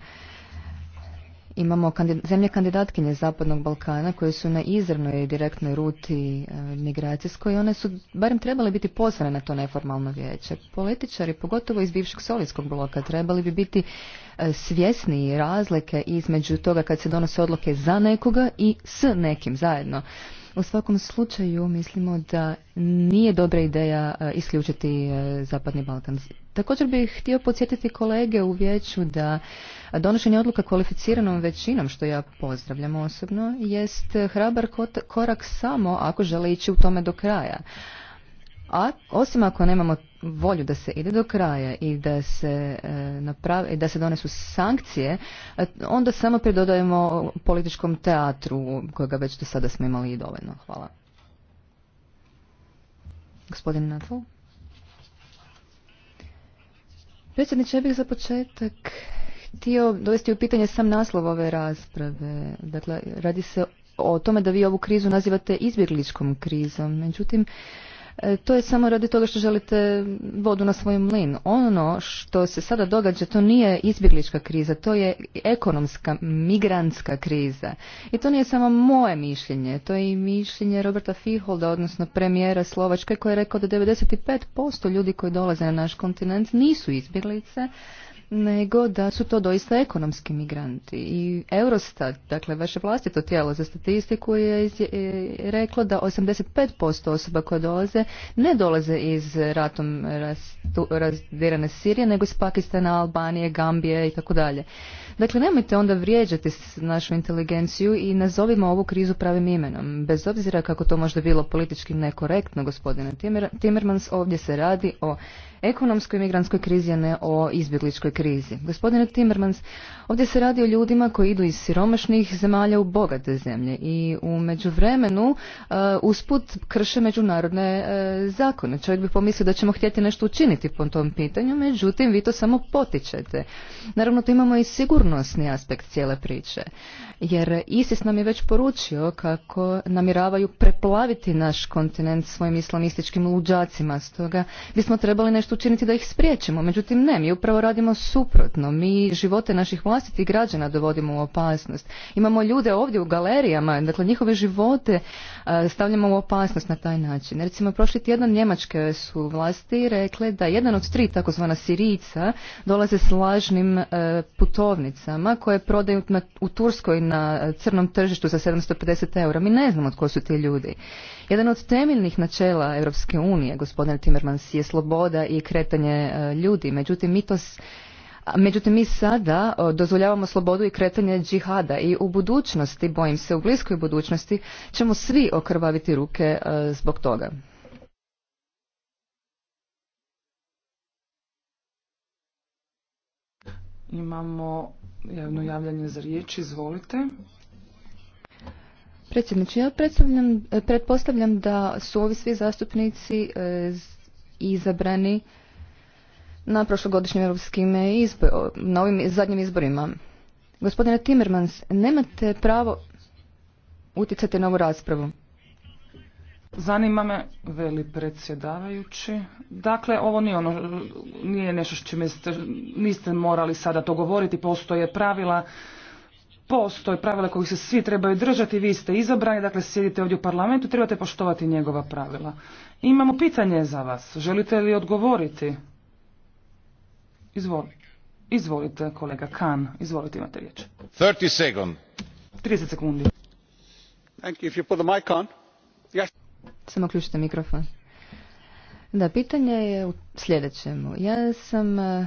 Imamo zemlje kandidatkinje Zapadnog Balkana koje su na izravnoj i direktnoj ruti e, migracijskoj i one su barem trebale biti pozvane na to neformalno vijeće. Političari, pogotovo iz bivšeg solijskog bloka, trebali bi biti e, svjesni razlike između toga kad se donose odluke za nekoga i s nekim zajedno. U svakom slučaju mislimo da nije dobra ideja e, isključiti e, Zapadni Balkan. Također bih htio podsjetiti kolege u vijeću da donošenje odluka kvalificiranom većinom, što ja pozdravljam osobno, jest hrabar korak samo ako žele ići u tome do kraja a osim ako nemamo volju da se ide do kraja i da se e, da se donesu sankcije e, onda samo pridodajemo političkom teatru kojega već do sada smo imali i dovoljno hvala gospodin Natal predsjedniče ja bih za početak htio dovesti u pitanje sam naslov ove rasprave dakle radi se o tome da vi ovu krizu nazivate izbjegličkom krizom međutim E, to je samo radi toga što želite vodu na svoj mlin. Ono što se sada događa, to nije izbjeglička kriza, to je ekonomska, migrantska kriza. I to nije samo moje mišljenje, to je i mišljenje Roberta Fiholda, odnosno premijera Slovačke, koji je rekao da 95% ljudi koji dolaze na naš kontinent nisu izbjeglice, nego da su to doista ekonomski migranti. I Eurostat, dakle vaše vlastito tijelo za statistiku je, e, reklo da 85% osoba koje dolaze ne dolaze iz ratom razdirane Sirije, nego iz Pakistana, Albanije, Gambije i tako dalje. Dakle, nemojte onda vrijeđati našu inteligenciju i nazovimo ovu krizu pravim imenom. Bez obzira kako to možda bilo politički nekorektno, gospodine Timmermans, ovdje se radi o ekonomskoj i migrantskoj krizi, a ne o izbjegličkoj krizi. Gospodine Timmermans, ovdje se radi o ljudima koji idu iz siromašnih zemalja u bogate zemlje i u međuvremenu e, usput krše međunarodne e, zakone. Čovjek bi pomislio da ćemo htjeti nešto učiniti po tom pitanju, međutim vi to samo potičete. Naravno, tu imamo i sigurnosni aspekt cijele priče jer ISIS nam je već poručio kako namiravaju preplaviti naš kontinent svojim islamističkim luđacima. Stoga bismo trebali nešto učiniti da ih spriječimo. Međutim, ne, mi upravo radimo suprotno. Mi živote naših vlastitih građana dovodimo u opasnost. Imamo ljude ovdje u galerijama, dakle njihove živote e, stavljamo u opasnost na taj način. Recimo, prošli tjedan njemačke su vlasti rekle da jedan od tri takozvana sirica dolaze s lažnim e, putovnicama koje prodaju u Turskoj na crnom tržištu za 750 eura. Mi ne znamo tko su ti ljudi. Jedan od temeljnih načela Europske unije, gospodine Timmermans, je sloboda i kretanje e, ljudi. Međutim, mi to Međutim, mi sada dozvoljavamo slobodu i kretanje džihada i u budućnosti, bojim se u bliskoj budućnosti, ćemo svi okrvaviti ruke e, zbog toga. Imamo javno javljanje za riječ. Izvolite. Predsjedniče, ja eh, pretpostavljam da su ovi svi zastupnici eh, izabrani na prošlogodišnjim europskim eh, izborima, na ovim zadnjim izborima. Gospodine Timmermans, nemate pravo utjecati na ovu raspravu. Zanima me, veli predsjedavajući, dakle ovo nije, ono, nije nešto s čime ste, niste morali sada to govoriti, postoje pravila, postoje pravila kojih se svi trebaju držati, vi ste izabrani, dakle sjedite ovdje u parlamentu, trebate poštovati njegova pravila. Imamo pitanje za vas, želite li odgovoriti? izvolite kolega Kan, izvolite imate riječ. 30 30 sekundi. Thank you. If you put the mic on. Yes. Samo ključite mikrofon. Da, pitanje je u sljedećemu. Ja sam eh,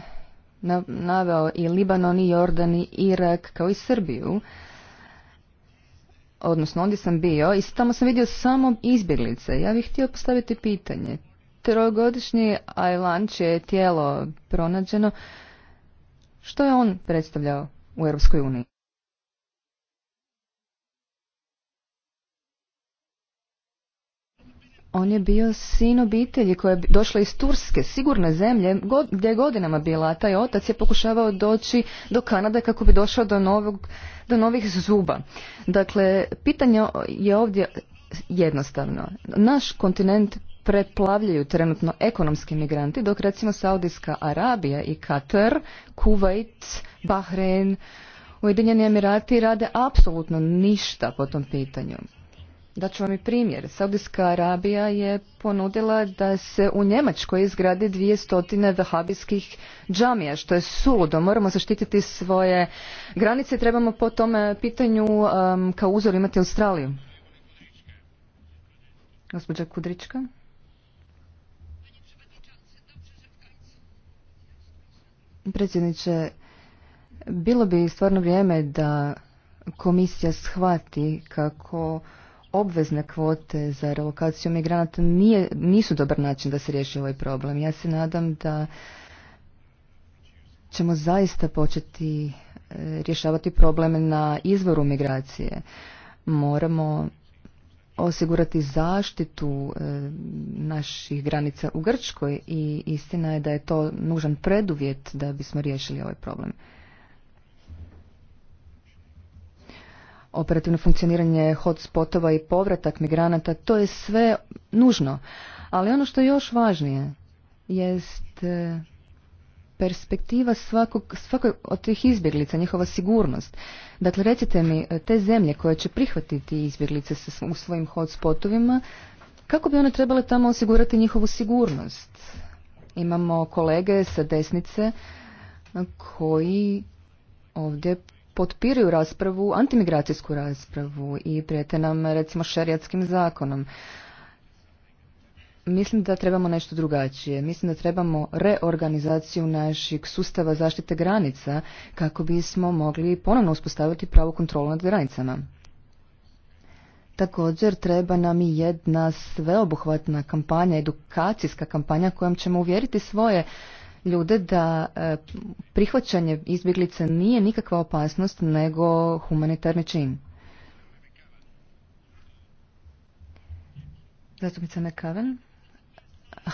naveo i Libanon, i Jordan, i Irak, kao i Srbiju. Odnosno, ondje sam bio i tamo sam vidio samo izbjeglice. Ja bih htio postaviti pitanje. Trogodišnji Ajlan je tijelo pronađeno, što je on predstavljao u Europskoj uniji? on je bio sin obitelji koja je došla iz Turske, sigurne zemlje, gdje je godinama bila. Taj otac je pokušavao doći do Kanade kako bi došao do, novog, do novih zuba. Dakle, pitanje je ovdje jednostavno. Naš kontinent preplavljaju trenutno ekonomski migranti, dok recimo Saudijska Arabija i Katar, Kuwait, Bahrein, Ujedinjeni Emirati rade apsolutno ništa po tom pitanju. Da ću vam i primjer. Saudijska Arabija je ponudila da se u Njemačkoj izgradi dvije stotine vahabijskih džamija, što je suludo. Moramo zaštititi svoje granice i trebamo po tome eh, pitanju kao uzor imati Australiju. Gospođa Kudrička. Predsjedniče, bilo bi stvarno vrijeme da komisija shvati kako obvezne kvote za relokaciju migranata nije, nisu dobar način da se riješi ovaj problem. Ja se nadam da ćemo zaista početi e, rješavati probleme na izvoru migracije. Moramo osigurati zaštitu e, naših granica u Grčkoj i istina je da je to nužan preduvjet da bismo riješili ovaj problem. operativno funkcioniranje hotspotova i povratak migranata, to je sve nužno. Ali ono što je još važnije jest e, perspektiva svakog, svakog od tih izbjeglica, njihova sigurnost. Dakle, recite mi, e, te zemlje koje će prihvatiti izbjeglice u svojim hotspotovima, kako bi one trebale tamo osigurati njihovu sigurnost? Imamo kolege sa desnice e, koji ovdje potpiraju raspravu, antimigracijsku raspravu i prijete nam recimo šerijatskim zakonom. Mislim da trebamo nešto drugačije. Mislim da trebamo reorganizaciju našeg sustava zaštite granica kako bismo mogli ponovno uspostaviti pravu kontrolu nad granicama. Također treba nam i jedna sveobuhvatna kampanja, edukacijska kampanja kojom ćemo uvjeriti svoje ljude da e, prihvaćanje izbjeglica nije nikakva opasnost nego humanitarni čin. Zastupnica Mekaven.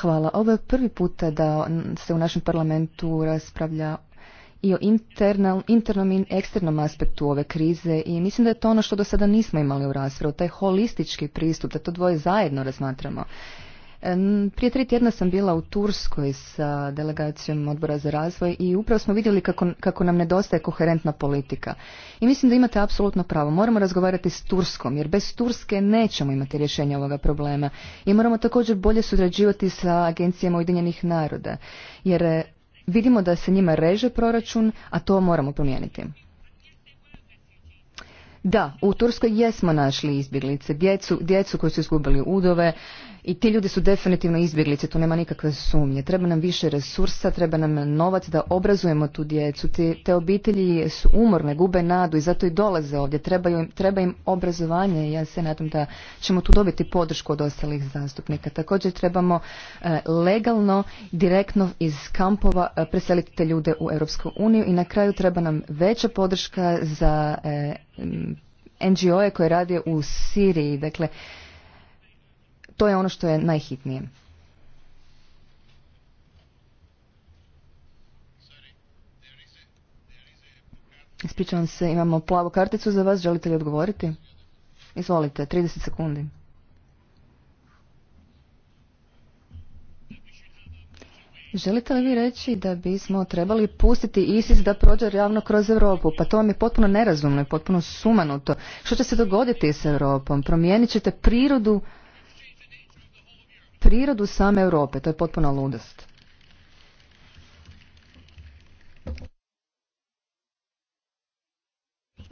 Hvala. Ovo je prvi puta da se u našem parlamentu raspravlja i o internal, internom i eksternom aspektu ove krize i mislim da je to ono što do sada nismo imali u raspravu, taj holistički pristup, da to dvoje zajedno razmatramo. Prije tri tjedna sam bila u Turskoj sa delegacijom odbora za razvoj i upravo smo vidjeli kako, kako nam nedostaje koherentna politika. I mislim da imate apsolutno pravo. Moramo razgovarati s Turskom jer bez Turske nećemo imati rješenje ovoga problema. I moramo također bolje surađivati sa agencijama Ujedinjenih naroda jer e, vidimo da se njima reže proračun, a to moramo promijeniti. Da, u Turskoj jesmo našli izbjeglice, djecu, djecu koji su izgubili udove, i ti ljudi su definitivno izbjeglice, tu nema nikakve sumnje. Treba nam više resursa, treba nam novac da obrazujemo tu djecu. Te, te obitelji su umorne, gube nadu i zato i dolaze ovdje. Treba im, treba im obrazovanje i ja se nadam da ćemo tu dobiti podršku od ostalih zastupnika. Također trebamo e, legalno, direktno iz kampova e, preseliti te ljude u Europsku uniju i na kraju treba nam veća podrška za e, NGO-e koje rade u Siriji. Dakle, to je ono što je najhitnije. Ispričavam se, imamo plavu karticu za vas, želite li odgovoriti? Izvolite, 30 sekundi. Želite li vi reći da bismo trebali pustiti ISIS da prođe javno kroz Europu? Pa to vam je potpuno nerazumno i potpuno sumanuto. Što će se dogoditi s Europom? Promijenit ćete prirodu prirodu same Europe. To je potpuna ludost.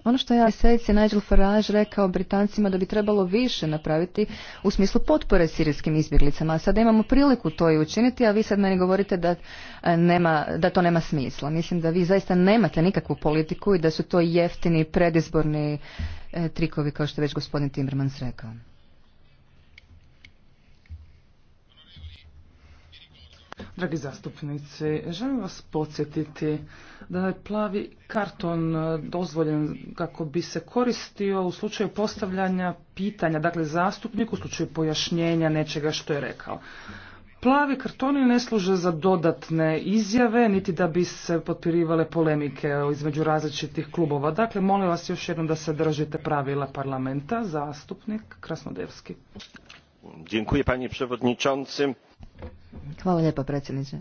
Ono što ja i Nigel Farage rekao Britancima da bi trebalo više napraviti u smislu potpore sirijskim izbjeglicama. A sada imamo priliku to i učiniti, a vi sad meni govorite da, e, nema, da to nema smisla. Mislim da vi zaista nemate nikakvu politiku i da su to jeftini predizborni e, trikovi kao što je već gospodin Timmermans rekao. Dragi zastupnici, želim vas podsjetiti da je plavi karton e, dozvoljen kako bi se koristio u slučaju postavljanja pitanja, dakle zastupnik u slučaju pojašnjenja nečega što je rekao. Plavi kartoni ne služe za dodatne izjave, niti da bi se potpirivale polemike između različitih klubova. Dakle, molim vas još jednom da se držite pravila parlamenta. Zastupnik Krasnodevski. Dziękuję Hvala predsjedniče.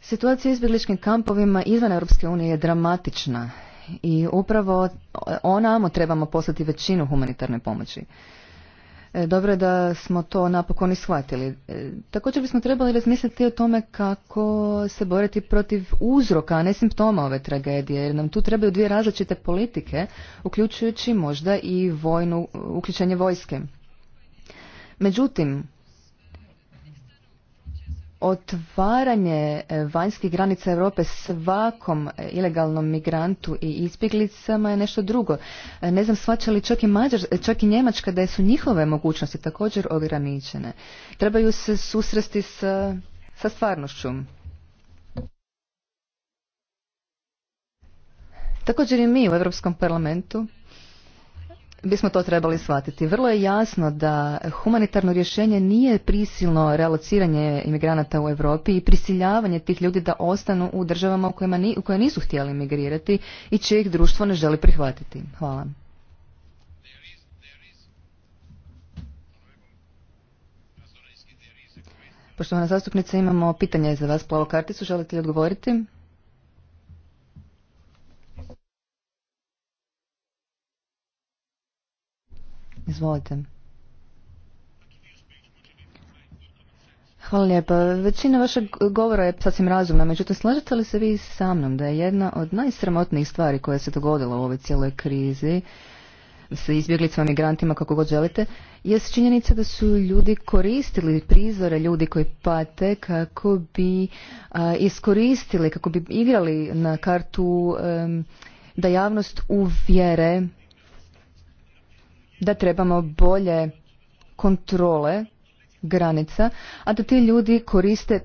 Situacija u izbjegličkim kampovima izvan Europske unije je dramatična i upravo onamo trebamo poslati većinu humanitarne pomoći. E, dobro je da smo to napokon i shvatili. E, također bismo trebali razmisliti o tome kako se boriti protiv uzroka, a ne simptoma ove tragedije, jer nam tu trebaju dvije različite politike, uključujući možda i vojnu, uključenje vojske. Međutim, otvaranje e, vanjskih granica Europe svakom e, ilegalnom migrantu i izbjeglicama je nešto drugo. E, ne znam, svača li čak i, Mađar, Njemačka da su njihove mogućnosti također ograničene. Trebaju se susresti sa, sa stvarnošću. Također i mi u Europskom parlamentu bismo to trebali shvatiti. Vrlo je jasno da humanitarno rješenje nije prisilno relociranje imigranata u Europi i prisiljavanje tih ljudi da ostanu u državama u, kojima ni, u koje nisu htjeli imigrirati i čije ih društvo ne želi prihvatiti. Hvala. Poštovana zastupnica, imamo pitanje za vas, plavu karticu, želite li odgovoriti? Izvolite. Hvala lijepa. Većina vašeg govora je sasvim razumna, međutim slažete li se vi sa mnom da je jedna od najsramotnijih stvari koja se dogodila u ovoj cijeloj krizi sa izbjeglicama, migrantima, kako god želite, je činjenica da su ljudi koristili prizore ljudi koji pate kako bi iskoristili, kako bi igrali na kartu da javnost uvjere da trebamo bolje kontrole granica, a da ti ljudi koriste